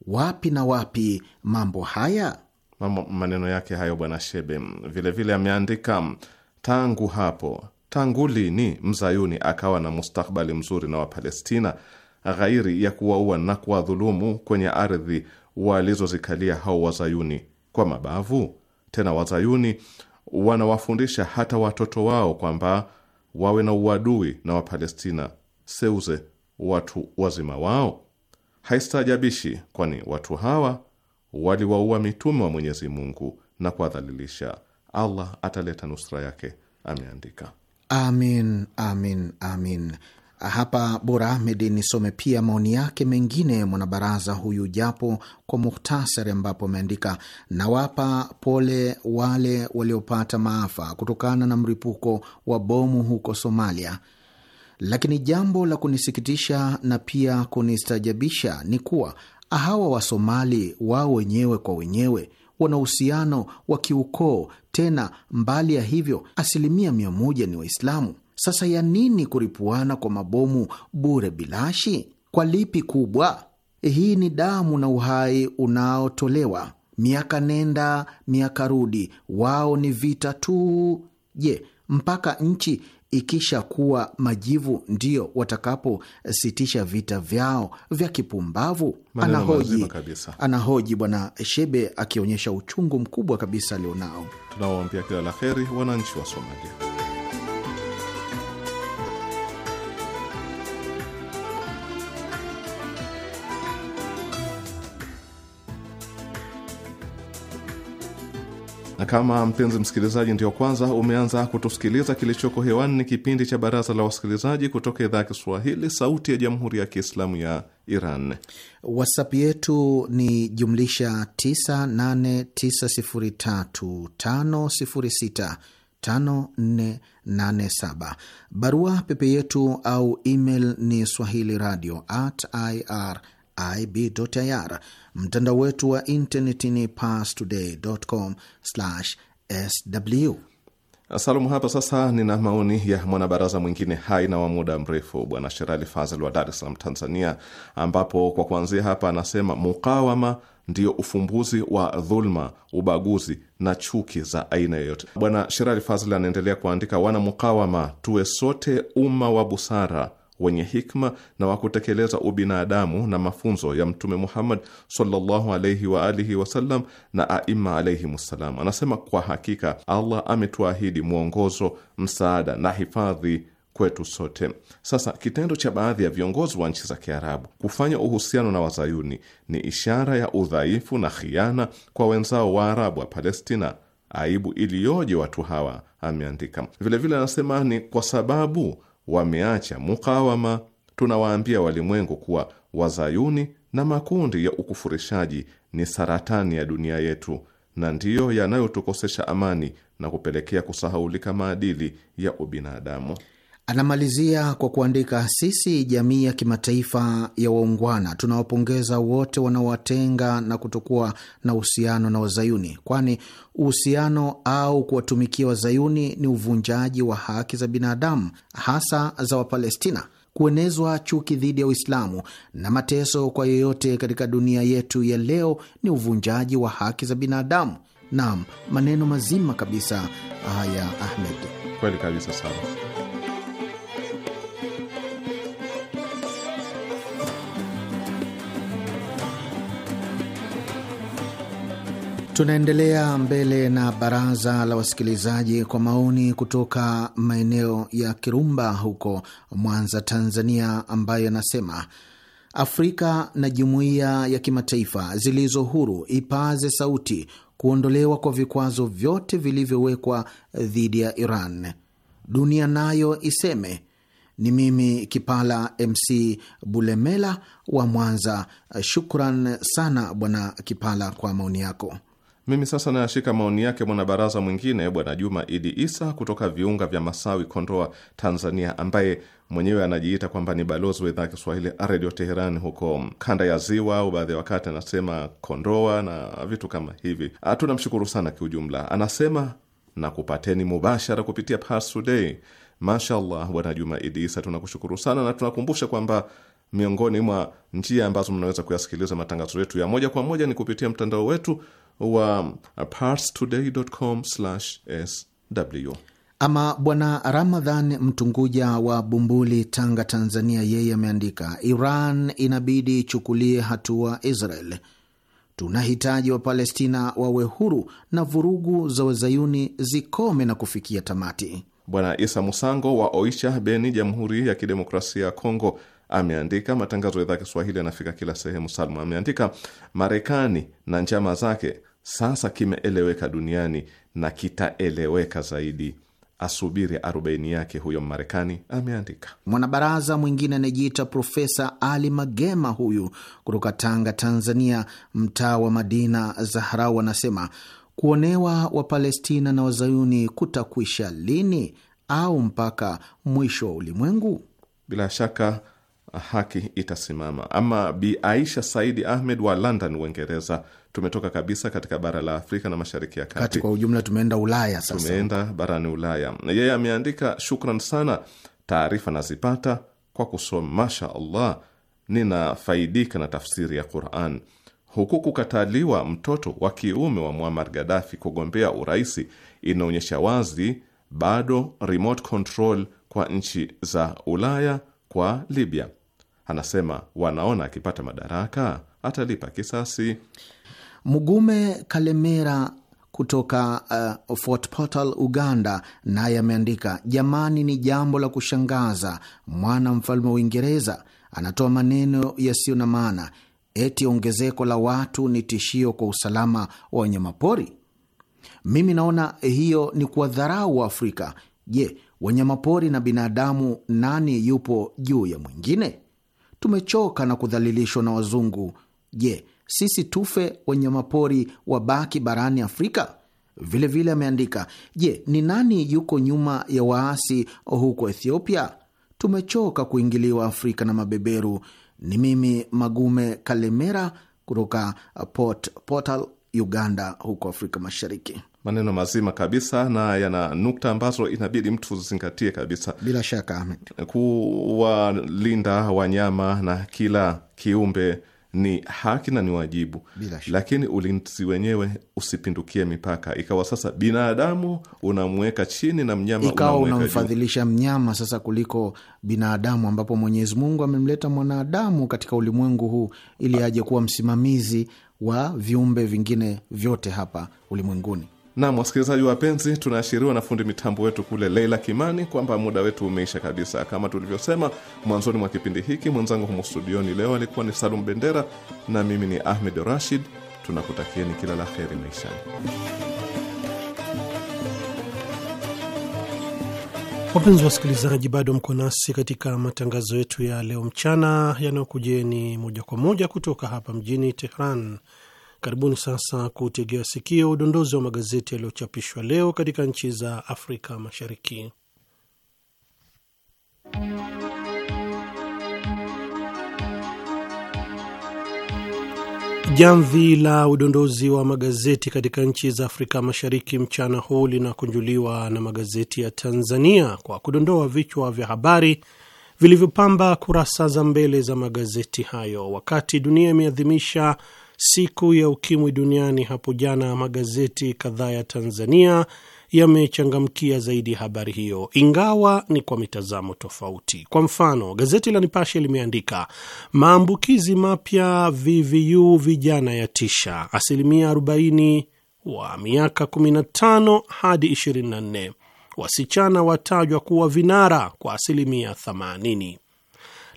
Wapi na wapi mambo haya! Mambo maneno yake hayo, Bwana Shebe vilevile ameandika tangu hapo, tangu lini mzayuni akawa na mustakbali mzuri na Wapalestina ghairi ya kuwaua na kuwadhulumu kwenye ardhi walizozikalia hao wazayuni kwa mabavu. Tena wazayuni wanawafundisha hata watoto wao kwamba wawe na uadui na Wapalestina, seuze watu wazima wao. Haistajabishi, kwani watu hawa waliwaua mitume wa Mwenyezi Mungu na kuwadhalilisha. Allah ataleta nusra yake, ameandika. Amin, amin, amin. Hapa Bora Ahmed nisome pia maoni yake mengine mwanabaraza huyu, japo kwa muhtasari, ambapo ameandika nawapa pole wale waliopata maafa kutokana na mlipuko wa bomu huko Somalia, lakini jambo la kunisikitisha na pia kunistajabisha ni kuwa hawa Wasomali wao wenyewe kwa wenyewe wana uhusiano wa kiukoo. Tena mbali ya hivyo, asilimia mia moja ni Waislamu. Sasa ya nini kuripuana kwa mabomu bure bilashi? Kwa lipi kubwa? Hii ni damu na uhai unaotolewa, miaka nenda miaka rudi, wao ni vita tu. Je, mpaka nchi ikisha kuwa majivu ndiyo watakapositisha vita vyao vya kipumbavu? Anahoji, anahoji Bwana Shebe akionyesha uchungu mkubwa kabisa alionao. Tunawaambia kila la heri wananchi wa Somalia. Na kama mpenzi msikilizaji ndio kwanza umeanza kutusikiliza, kilichoko hewani ni kipindi cha Baraza la Wasikilizaji kutoka idhaa ya Kiswahili, Sauti ya Jamhuri ya Kiislamu ya Iran. WhatsApp yetu ni jumlisha 989035065487. Barua pepe yetu au email ni swahili radio at irib.ir Mtandao wetu wa intaneti ni parstoday.com/sw. Salamu hapa sasa. Nina maoni ya mwanabaraza mwingine hai na wa muda mrefu, Bwana Sherali Fazel wa Dar es Salaam, Tanzania, ambapo kwa kuanzia hapa anasema mukawama ndio ufumbuzi wa dhulma, ubaguzi na chuki za aina yoyote. Bwana Sherali Fazel anaendelea kuandika, wana mukawama, tuwe sote umma wa busara wenye hikma na wa kutekeleza ubinadamu na mafunzo ya Mtume Muhammad sallallahu wa alihi wasallam na aima alaihimussalam. Anasema kwa hakika Allah ametuahidi mwongozo, msaada na hifadhi kwetu sote. Sasa kitendo cha baadhi ya viongozi wa nchi za Kiarabu kufanya uhusiano na wazayuni ni ishara ya udhaifu na khiana kwa wenzao wa arabu wa Palestina. Aibu iliyoje watu hawa, ameandika vilevile. Anasema ni kwa sababu wameacha mukawama, tunawaambia walimwengu kuwa wazayuni na makundi ya ukufurishaji ni saratani ya dunia yetu na ndiyo yanayotukosesha amani na kupelekea kusahaulika maadili ya ubinadamu. Anamalizia kwa kuandika, sisi jamii ya kimataifa ya waungwana tunawapongeza wote wanaowatenga na kutokuwa na uhusiano na Wazayuni, kwani uhusiano au kuwatumikia Wazayuni ni uvunjaji wa haki za binadamu, hasa za Wapalestina, kuenezwa chuki dhidi ya Uislamu na mateso kwa yoyote katika dunia yetu ya leo ni uvunjaji wa haki za binadamu. Naam, maneno mazima kabisa haya, Ahmed. Kweli kabisa, sawa. Tunaendelea mbele na baraza la wasikilizaji kwa maoni kutoka maeneo ya Kirumba huko Mwanza, Tanzania, ambayo yanasema Afrika na jumuiya ya kimataifa zilizo huru ipaze sauti kuondolewa kwa vikwazo vyote vilivyowekwa dhidi ya Iran. Dunia nayo iseme. Ni mimi Kipala MC Bulemela wa Mwanza. Shukran sana Bwana Kipala kwa maoni yako. Mimi sasa nayashika maoni yake mwanabaraza mwingine Bwana Juma Idi Isa kutoka viunga vya Masawi, Kondoa, Tanzania, ambaye mwenyewe anajiita kwamba ni balozi wa idhaa ya Kiswahili Redio Teherani huko kanda ya Ziwa, au baadhi ya wakati anasema Kondoa na vitu kama hivi. Ah, tunamshukuru sana kiujumla. Anasema na kupateni mubashara kupitia Parstoday. Mashallah, Bwana Juma Idi Isa, tunakushukuru sana na tunakumbusha kwamba Miongoni mwa njia ambazo mnaweza kuyasikiliza matangazo yetu ya moja kwa moja ni kupitia mtandao wetu wa parstoday.com/sw. Ama Bwana Ramadhan Mtunguja wa Bumbuli, Tanga, Tanzania, yeye ameandika, Iran inabidi ichukulie hatua Israel. Tunahitaji Wapalestina wawe huru na vurugu za wazayuni zikome na kufikia tamati. Bwana Isa Musango wa Oisha Beni, Jamhuri ya Kidemokrasia ya Kongo, ameandika matangazo ya idhaa Kiswahili yanafika kila sehemu. Salmu ameandika Marekani na njama zake sasa kimeeleweka duniani na kitaeleweka zaidi. Asubiri arobaini yake huyo marekani ameandika mwanabaraza mwingine anayejiita Profesa Ali Magema, huyu kutoka Tanga, Tanzania, mtaa wa Madina Zaharau, anasema kuonewa Wapalestina na Wazayuni kutakwisha lini, au mpaka mwisho wa ulimwengu? Bila shaka haki itasimama. Ama Bi Aisha Saidi Ahmed wa London, Uingereza. Tumetoka kabisa katika bara la Afrika na mashariki ya kati, kwa ujumla, tumeenda Ulaya sasa. Tumeenda barani Ulaya. Yeye ameandika shukran sana, taarifa nazipata kwa kusoma. Masha Allah, ninafaidika na tafsiri ya Quran huku kukataliwa mtoto wa kiume wa Muammar Gaddafi kugombea uraisi inaonyesha wazi bado remote control kwa nchi za Ulaya kwa Libya. Anasema wanaona akipata madaraka atalipa kisasi. Mugume Kalemera kutoka uh, Fort Portal Uganda, naye ameandika jamani, ni jambo la kushangaza, mwana mfalme wa Uingereza anatoa maneno yasiyo na maana, eti ongezeko la watu ni tishio kwa usalama wa wanyamapori. Mimi naona hiyo ni dharau wa Afrika. Je, wanyamapori na binadamu, nani yupo juu ya mwingine? Tumechoka na kudhalilishwa na wazungu. Je, sisi tufe wanyamapori wabaki barani Afrika? Vilevile vile ameandika, je, ni nani yuko nyuma ya waasi huko Ethiopia? Tumechoka kuingiliwa Afrika na mabeberu. Ni mimi Magume Kalemera kutoka Port Portal, Uganda, huko Afrika Mashariki maneno mazima kabisa na yana nukta ambazo inabidi mtu zizingatie kabisa. Bila shaka, Ahmed, kuwalinda wanyama na kila kiumbe ni haki na ni wajibu, lakini ulinzi wenyewe usipindukie mipaka, ikawa sasa binadamu unamweka chini na mnyama ikawa unamfadhilisha mnyama sasa kuliko binadamu, ambapo Mwenyezi Mungu amemleta mwanadamu katika ulimwengu huu ili aje kuwa msimamizi wa viumbe vingine vyote hapa ulimwenguni. Nam, wasikilizaji wapenzi, tunaashiriwa na fundi mitambo wetu kule Leila Kimani kwamba muda wetu umeisha kabisa. Kama tulivyosema mwanzoni mwa kipindi hiki, mwenzangu humu studioni leo alikuwa ni Salum Bendera na mimi ni Ahmed Rashid. Tunakutakieni kila la heri maishani. Wapenzi wasikilizaji, bado mko nasi katika matangazo yetu ya leo mchana yanayokujeni moja kwa moja kutoka hapa mjini Tehran. Karibuni sasa kutegea sikio udondozi wa magazeti yaliyochapishwa leo katika nchi za Afrika Mashariki. Jamvi la udondozi wa magazeti katika nchi za Afrika Mashariki mchana huu linakunjuliwa na magazeti ya Tanzania kwa kudondoa vichwa vya habari vilivyopamba kurasa za mbele za magazeti hayo. Wakati dunia imeadhimisha siku ya ukimwi duniani hapo jana, magazeti kadhaa ya Tanzania yamechangamkia zaidi habari hiyo, ingawa ni kwa mitazamo tofauti. Kwa mfano, gazeti la Nipashe limeandika maambukizi mapya VVU vijana ya tisha, asilimia 40 wa miaka 15 hadi 24, wasichana watajwa kuwa vinara kwa asilimia 80.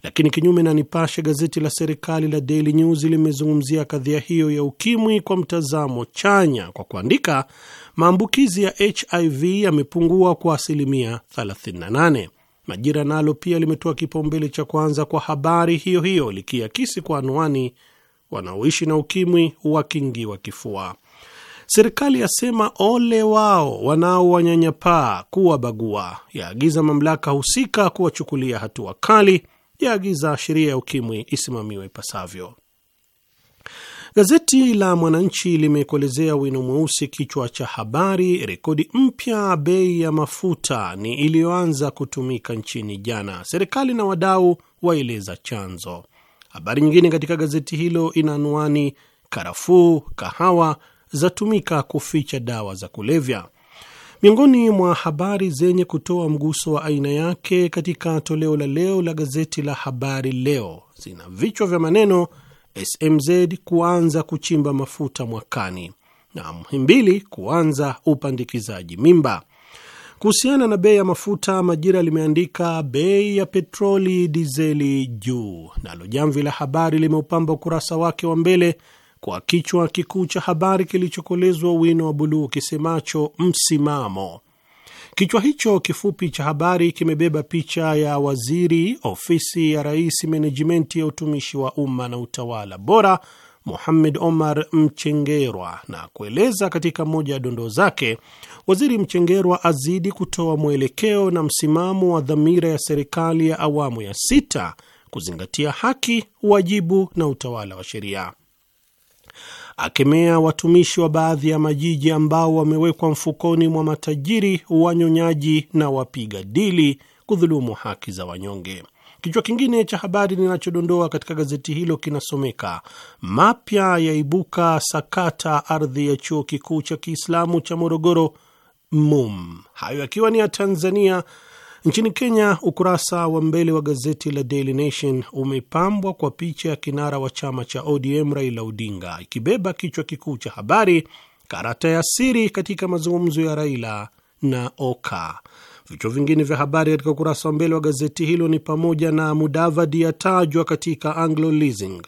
Lakini kinyume na Nipashe, gazeti la serikali la Daily News limezungumzia kadhia hiyo ya ukimwi kwa mtazamo chanya kwa kuandika, maambukizi ya HIV yamepungua kwa asilimia 38. Majira nalo pia limetoa kipaumbele cha kwanza kwa habari hiyo hiyo likiakisi kwa anwani, wanaoishi na ukimwi wakingiwa kifua. Serikali yasema ole wao wanaowanyanyapaa kuwabagua, yaagiza mamlaka husika kuwachukulia hatua kali yaagiza sheria ya ukimwi isimamiwe ipasavyo. Gazeti la Mwananchi limekolezea wino mweusi kichwa cha habari, rekodi mpya bei ya mafuta ni iliyoanza kutumika nchini jana, serikali na wadau waeleza chanzo. Habari nyingine katika gazeti hilo ina anwani, karafuu kahawa zatumika kuficha dawa za kulevya. Miongoni mwa habari zenye kutoa mguso wa aina yake katika toleo la leo la gazeti la Habari Leo zina vichwa vya maneno SMZ kuanza kuchimba mafuta mwakani na Muhimbili kuanza upandikizaji mimba. Kuhusiana na bei ya mafuta, Majira limeandika bei ya petroli dizeli juu, nalo Jamvi la Habari limeupamba ukurasa wake wa mbele kwa kichwa kikuu cha habari kilichokolezwa wino wa buluu kisemacho msimamo. Kichwa hicho kifupi cha habari kimebeba picha ya waziri ofisi ya rais menejimenti ya utumishi wa umma na utawala bora muhammed Omar Mchengerwa na kueleza katika moja ya dondoo zake, waziri Mchengerwa azidi kutoa mwelekeo na msimamo wa dhamira ya serikali ya awamu ya sita kuzingatia haki, wajibu na utawala wa sheria akemea watumishi wa baadhi ya majiji ambao wamewekwa mfukoni mwa matajiri, wanyonyaji na wapiga dili kudhulumu haki za wanyonge. Kichwa kingine cha habari ninachodondoa katika gazeti hilo kinasomeka mapya yaibuka sakata ardhi ya chuo kikuu cha Kiislamu cha Morogoro MUM. Hayo yakiwa ni ya Tanzania Nchini Kenya, ukurasa wa mbele wa gazeti la Daily Nation umepambwa kwa picha ya kinara wa chama cha ODM Raila Odinga, ikibeba kichwa kikuu cha habari, karata ya siri katika mazungumzo ya Raila na Oka. Vichwa vingine vya habari katika ukurasa wa mbele wa gazeti hilo ni pamoja na Mudavadi yatajwa katika Anglo Leasing,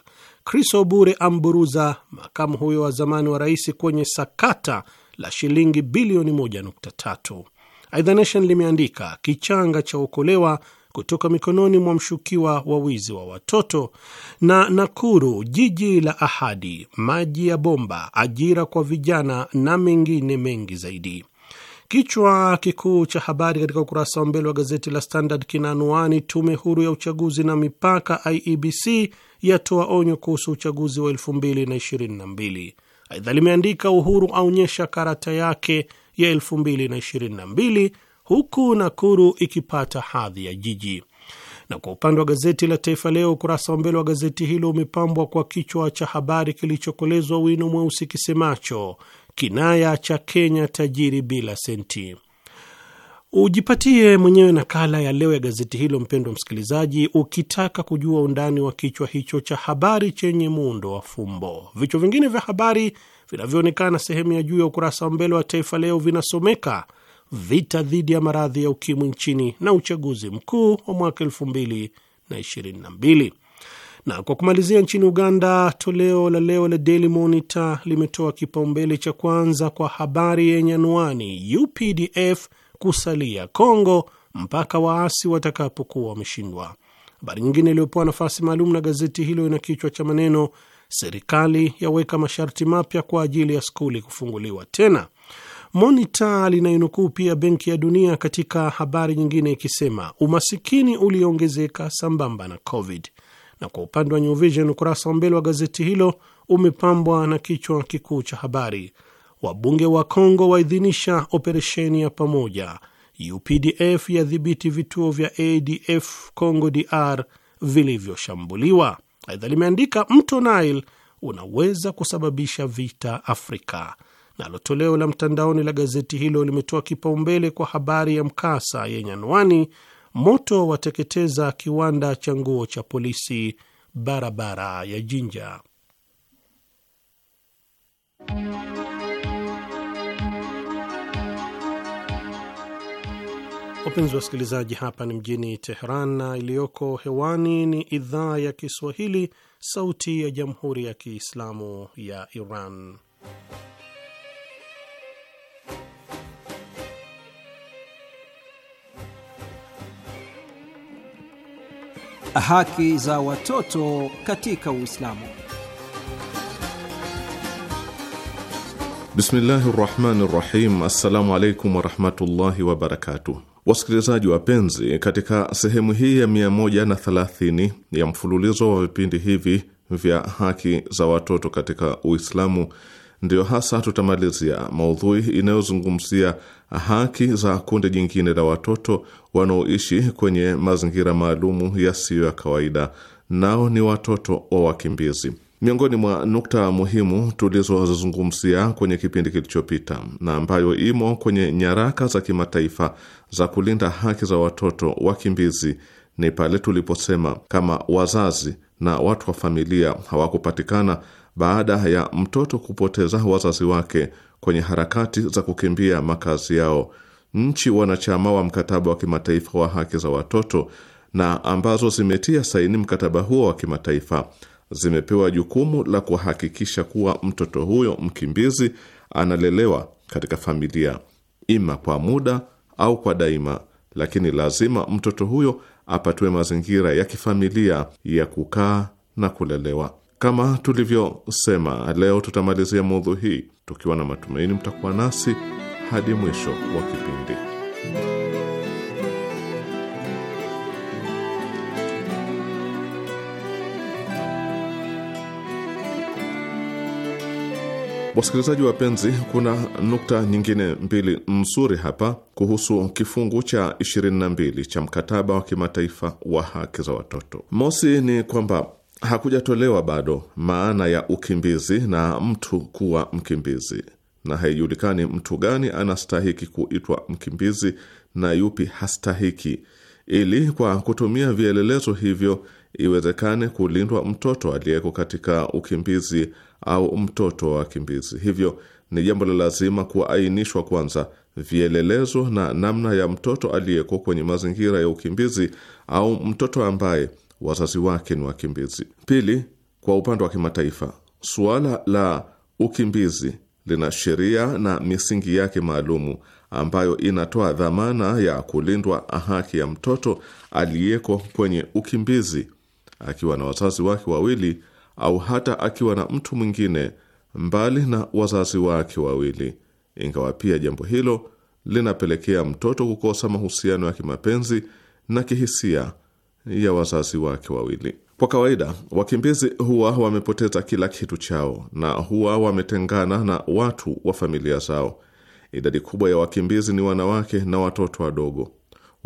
Chris Obure amburuza makamu huyo wa zamani wa rais kwenye sakata la shilingi bilioni 1.3 Aidha, Nation limeandika kichanga cha okolewa kutoka mikononi mwa mshukiwa wa wizi wa watoto, na Nakuru, jiji la ahadi, maji ya bomba, ajira kwa vijana na mengine mengi zaidi. Kichwa kikuu cha habari katika ukurasa wa mbele wa gazeti la Standard kina anwani tume huru ya uchaguzi na mipaka IEBC yatoa onyo kuhusu uchaguzi wa 2022. Aidha limeandika Uhuru aonyesha karata yake ya 2022 huku Nakuru ikipata hadhi ya jiji. Na kwa upande wa gazeti la Taifa Leo, ukurasa wa mbele wa gazeti hilo umepambwa kwa kichwa cha habari kilichokolezwa wino mweusi kisemacho kinaya cha Kenya tajiri bila senti. Ujipatie mwenyewe nakala ya leo ya gazeti hilo, mpendwa msikilizaji, ukitaka kujua undani wa kichwa hicho cha habari chenye muundo wa fumbo. Vichwa vingine vya habari vinavyoonekana sehemu ya juu ya ukurasa wa mbele wa Taifa Leo vinasomeka vita dhidi ya maradhi ya ukimwi nchini na uchaguzi mkuu wa mwaka mbili Na kwa kumalizia, nchini Uganda, toleo la leo la Daily Monitor limetoa kipaumbele cha kwanza kwa habari yenye anwani UPDF kusalia Congo mpaka waasi watakapokuwa wameshindwa. Habari nyingine iliyopewa nafasi maalum na gazeti hilo ina kichwa cha maneno serikali yaweka masharti mapya kwa ajili ya skuli kufunguliwa tena. Monita linainukuu pia Benki ya Dunia katika habari nyingine ikisema umasikini ulioongezeka sambamba na Covid. Na kwa upande wa New Vision, ukurasa wa mbele wa gazeti hilo umepambwa na kichwa kikuu cha habari, wabunge wa Kongo waidhinisha operesheni ya pamoja, UPDF yadhibiti vituo vya ADF Congo DR vilivyoshambuliwa. Aidha limeandika mto Nile unaweza kusababisha vita Afrika. Nalo toleo la mtandaoni la gazeti hilo limetoa kipaumbele kwa habari ya mkasa yenye anwani moto wateketeza kiwanda cha nguo cha polisi barabara ya Jinja. Wapenzi wa wasikilizaji, hapa ni mjini Teheran na iliyoko hewani ni idhaa ya Kiswahili, Sauti ya Jamhuri ya Kiislamu ya Iran. Haki za watoto katika Uislamu. Bismillahi rahmani rahim. Assalamu alaikum warahmatullahi wabarakatuh. Wasikilizaji wapenzi, katika sehemu hii ya 130 ya mfululizo wa vipindi hivi vya haki za watoto katika Uislamu, ndiyo hasa tutamalizia maudhui inayozungumzia haki za kundi jingine la watoto wanaoishi kwenye mazingira maalumu yasiyo ya kawaida, nao ni watoto wa wakimbizi. Miongoni mwa nukta muhimu tulizozungumzia kwenye kipindi kilichopita na ambayo imo kwenye nyaraka za kimataifa za kulinda haki za watoto wakimbizi ni pale tuliposema kama wazazi na watu wa familia hawakupatikana baada ya mtoto kupoteza wazazi wake kwenye harakati za kukimbia makazi yao, nchi wanachama wa mkataba wa kimataifa wa haki za watoto na ambazo zimetia saini mkataba huo wa kimataifa zimepewa jukumu la kuhakikisha kuwa mtoto huyo mkimbizi analelewa katika familia, ima kwa muda au kwa daima, lakini lazima mtoto huyo apatiwe mazingira ya kifamilia ya kukaa na kulelewa. Kama tulivyosema, leo tutamalizia mudhu hii tukiwa na matumaini mtakuwa nasi hadi mwisho wa kipindi. Wasikilizaji wapenzi, kuna nukta nyingine mbili nzuri hapa kuhusu kifungu cha 22 cha mkataba wa kimataifa wa haki za watoto. Mosi ni kwamba hakujatolewa bado maana ya ukimbizi na mtu kuwa mkimbizi, na haijulikani mtu gani anastahiki kuitwa mkimbizi na yupi hastahiki, ili kwa kutumia vielelezo hivyo iwezekane kulindwa mtoto aliyeko katika ukimbizi au mtoto wa wakimbizi. Hivyo ni jambo la lazima kuainishwa kwanza vielelezo na namna ya mtoto aliyeko kwenye mazingira ya ukimbizi au mtoto ambaye wazazi wake ni wakimbizi. Pili, kwa upande wa kimataifa, suala la ukimbizi lina sheria na misingi yake maalumu ambayo inatoa dhamana ya kulindwa haki ya mtoto aliyeko kwenye ukimbizi akiwa na wazazi wake wawili au hata akiwa na mtu mwingine mbali na wazazi wake wawili, ingawa pia jambo hilo linapelekea mtoto kukosa mahusiano ya kimapenzi na kihisia ya wazazi wake wawili. Kwa kawaida wakimbizi huwa wamepoteza kila kitu chao na huwa wametengana na watu wa familia zao. Idadi kubwa ya wakimbizi ni wanawake na watoto wadogo.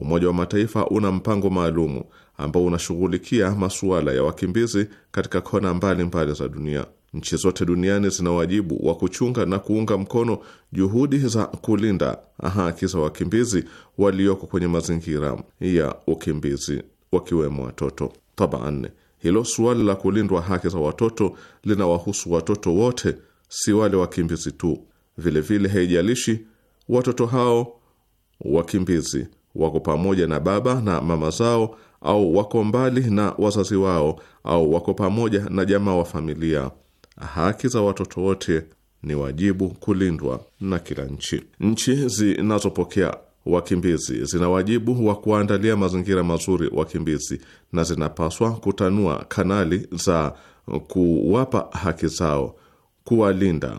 Umoja wa Mataifa una mpango maalumu ambao unashughulikia masuala ya wakimbizi katika kona mbalimbali mbali za dunia. Nchi zote duniani zina wajibu wa kuchunga na kuunga mkono juhudi za kulinda haki za wakimbizi walioko kwenye mazingira ya ukimbizi, wakiwemo watoto tabaan. Hilo suala la kulindwa haki za watoto linawahusu watoto wote, si wale wakimbizi tu. Vilevile haijalishi watoto hao wakimbizi wako pamoja na baba na mama zao au wako mbali na wazazi wao au wako pamoja na jamaa wa familia. Haki za watoto wote ni wajibu kulindwa na kila nchi. Nchi zinazopokea wakimbizi zina wajibu wa kuandalia mazingira mazuri wakimbizi, na zinapaswa kutanua kanali za kuwapa haki zao, kuwalinda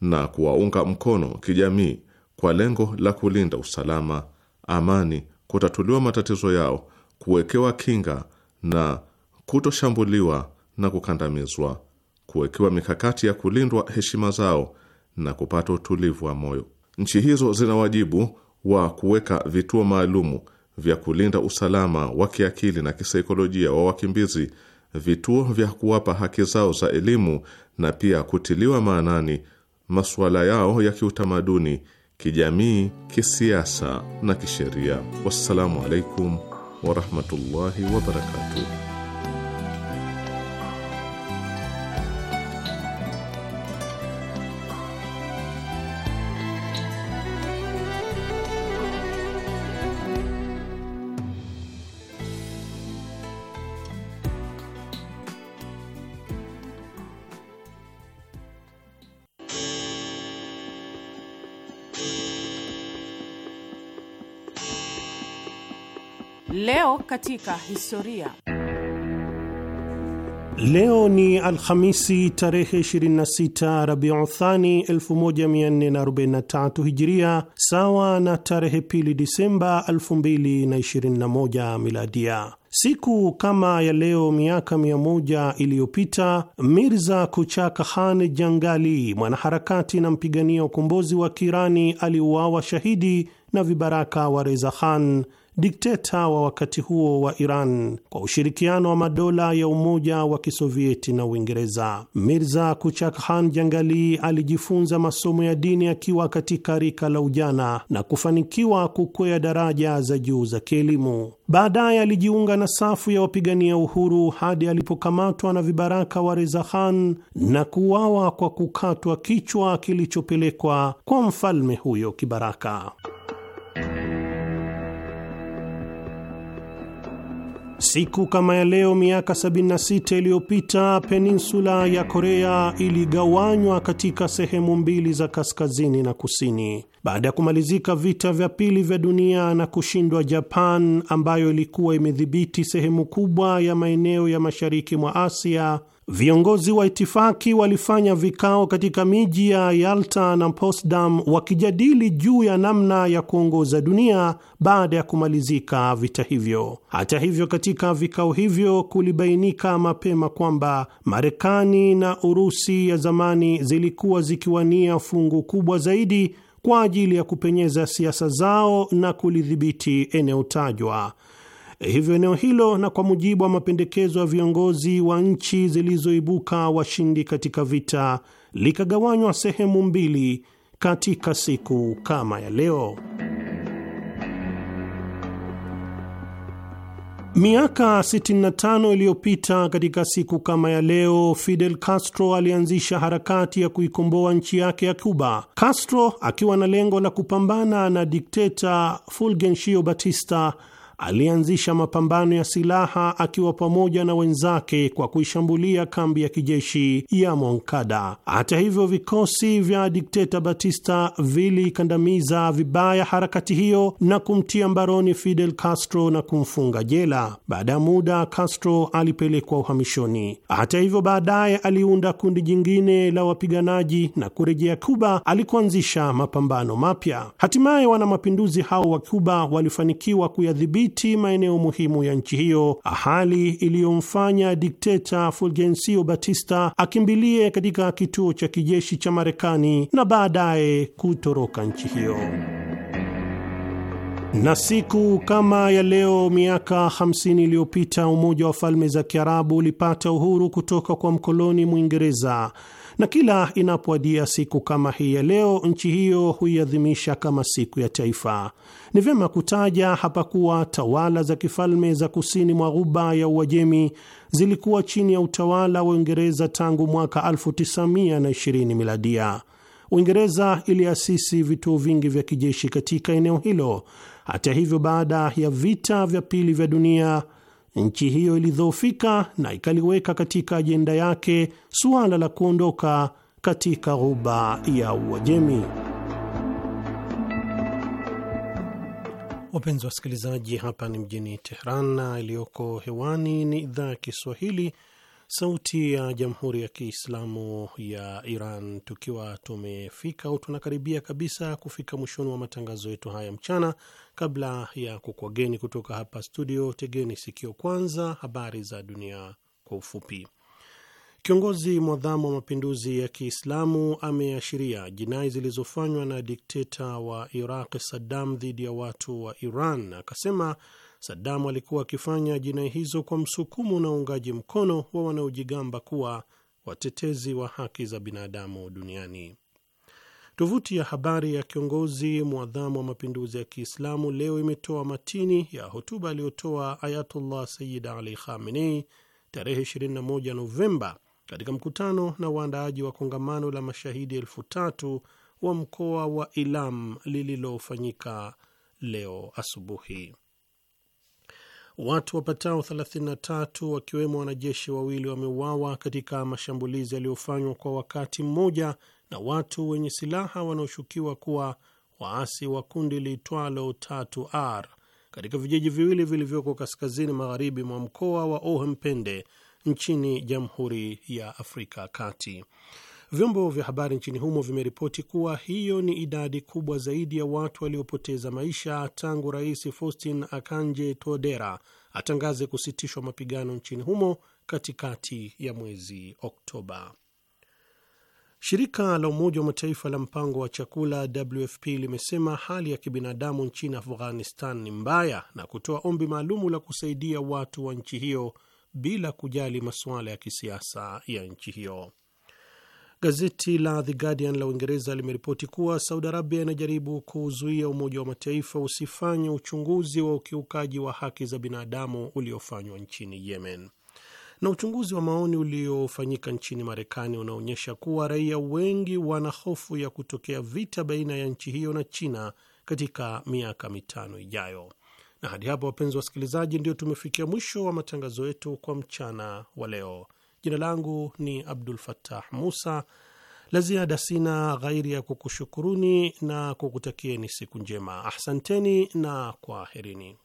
na kuwaunga mkono kijamii kwa lengo la kulinda usalama amani, kutatuliwa matatizo yao, kuwekewa kinga na kutoshambuliwa na kukandamizwa, kuwekewa mikakati ya kulindwa heshima zao na kupata utulivu wa moyo. Nchi hizo zina wajibu wa kuweka vituo maalumu vya kulinda usalama wa kiakili na kisaikolojia wa wakimbizi, vituo vya kuwapa haki zao za elimu na pia kutiliwa maanani masuala yao ya kiutamaduni kijamii, kisiasa na kisheria. Wassalamu alaikum warahmatullahi wabarakatuh. Leo katika historia. Leo ni Alhamisi tarehe 26 Rabiuthani 1443 Hijiria, sawa na tarehe pili Disemba 2021 Miladia. Siku kama ya leo miaka mia moja iliyopita Mirza Kuchaka Khan Jangali, mwanaharakati na mpigania ukombozi wa Kirani, aliuawa shahidi na vibaraka wa Reza Khan dikteta wa wakati huo wa Iran kwa ushirikiano wa madola ya Umoja wa Kisovieti na Uingereza. Mirza kuchakhan Jangali alijifunza masomo ya dini akiwa katika rika la ujana na kufanikiwa kukwea daraja za juu za kielimu. Baadaye alijiunga na safu ya wapigania uhuru hadi alipokamatwa na vibaraka wa Reza Khan na kuuawa kwa kukatwa kichwa kilichopelekwa kwa mfalme huyo kibaraka. Siku kama ya leo miaka 76 iliyopita peninsula ya Korea iligawanywa katika sehemu mbili za kaskazini na kusini. Baada ya kumalizika vita vya pili vya dunia na kushindwa Japan ambayo ilikuwa imedhibiti sehemu kubwa ya maeneo ya mashariki mwa Asia, Viongozi wa itifaki walifanya vikao katika miji ya Yalta na Potsdam wakijadili juu ya namna ya kuongoza dunia baada ya kumalizika vita hivyo. Hata hivyo, katika vikao hivyo kulibainika mapema kwamba Marekani na Urusi ya zamani zilikuwa zikiwania fungu kubwa zaidi kwa ajili ya kupenyeza siasa zao na kulidhibiti eneo tajwa Eh, hivyo eneo hilo, na kwa mujibu wa mapendekezo ya viongozi wa nchi zilizoibuka washindi katika vita, likagawanywa sehemu mbili katika siku kama ya leo. Miaka 65 iliyopita katika siku kama ya leo, Fidel Castro alianzisha harakati ya kuikomboa nchi yake ya Cuba. Castro akiwa na lengo la kupambana na dikteta Fulgencio Batista alianzisha mapambano ya silaha akiwa pamoja na wenzake kwa kuishambulia kambi ya kijeshi ya Moncada. Hata hivyo, vikosi vya dikteta Batista vilikandamiza vibaya harakati hiyo na kumtia mbaroni Fidel Castro na kumfunga jela. Baada ya muda, Castro alipelekwa uhamishoni. Hata hivyo, baadaye aliunda kundi jingine la wapiganaji na kurejea Cuba alikuanzisha mapambano mapya. Hatimaye wanamapinduzi hao wa Cuba walifanikiwa kuyadhibiti kudhibiti maeneo muhimu ya nchi hiyo, hali iliyomfanya dikteta Fulgencio Batista akimbilie katika kituo cha kijeshi cha Marekani na baadaye kutoroka nchi hiyo na siku kama ya leo miaka 50 iliyopita Umoja wa Falme za Kiarabu ulipata uhuru kutoka kwa mkoloni Mwingereza na kila inapoadia siku kama hii ya leo, nchi hiyo huiadhimisha kama siku ya taifa. Ni vyema kutaja hapa kuwa tawala za kifalme za kusini mwa ghuba ya Uajemi zilikuwa chini ya utawala wa Uingereza tangu mwaka 1920 miladia. Uingereza iliasisi vituo vingi vya kijeshi katika eneo hilo. Hata hivyo, baada ya vita vya pili vya dunia Nchi hiyo ilidhoofika na ikaliweka katika ajenda yake suala la kuondoka katika ghuba ya Uajemi. Wapenzi wasikilizaji, hapa ni mjini Tehran na iliyoko hewani ni idhaa ya Kiswahili Sauti ya Jamhuri ya Kiislamu ya Iran. Tukiwa tumefika au tunakaribia kabisa kufika mwishoni wa matangazo yetu haya mchana, kabla ya kukwageni kutoka hapa studio, tegeni sikio kwanza habari za dunia kwa ufupi. Kiongozi mwadhamu wa mapinduzi ya Kiislamu ameashiria jinai zilizofanywa na dikteta wa Iraq Saddam dhidi ya watu wa Iran, akasema Sadamu alikuwa akifanya jinai hizo kwa msukumo na uungaji mkono wa wanaojigamba kuwa watetezi wa haki za binadamu duniani. Tovuti ya habari ya kiongozi mwadhamu wa mapinduzi ya Kiislamu leo imetoa matini ya hotuba aliyotoa Ayatullah Sayyid Ali Khamenei tarehe 21 Novemba katika mkutano na waandaaji wa kongamano la mashahidi elfu tatu wa mkoa wa Ilam lililofanyika leo asubuhi. Watu wapatao 33 wakiwemo wanajeshi wawili wameuawa katika mashambulizi yaliyofanywa kwa wakati mmoja na watu wenye silaha wanaoshukiwa kuwa waasi wa kundi liitwalo 3R katika vijiji viwili vilivyoko kaskazini magharibi mwa mkoa wa Ohempende nchini Jamhuri ya Afrika Kati. Vyombo vya habari nchini humo vimeripoti kuwa hiyo ni idadi kubwa zaidi ya watu waliopoteza maisha tangu Rais Faustin Akanje Todera atangaze kusitishwa mapigano nchini humo katikati ya mwezi Oktoba. Shirika la Umoja wa Mataifa la Mpango wa Chakula WFP limesema hali ya kibinadamu nchini Afghanistan ni mbaya na kutoa ombi maalumu la kusaidia watu wa nchi hiyo bila kujali masuala ya kisiasa ya nchi hiyo. Gazeti la The Guardian la Uingereza limeripoti kuwa Saudi Arabia inajaribu kuzuia Umoja wa Mataifa usifanye uchunguzi wa ukiukaji wa haki za binadamu uliofanywa nchini Yemen. Na uchunguzi wa maoni uliofanyika nchini Marekani unaonyesha kuwa raia wengi wana hofu ya kutokea vita baina ya nchi hiyo na China katika miaka mitano ijayo. Na hadi hapa, wapenzi wasikilizaji, ndio tumefikia mwisho wa matangazo yetu kwa mchana wa leo. Jina langu ni Abdul Fattah Musa. La ziada sina ghairi ya kukushukuruni na kukutakieni siku njema. Ahsanteni na kwaherini.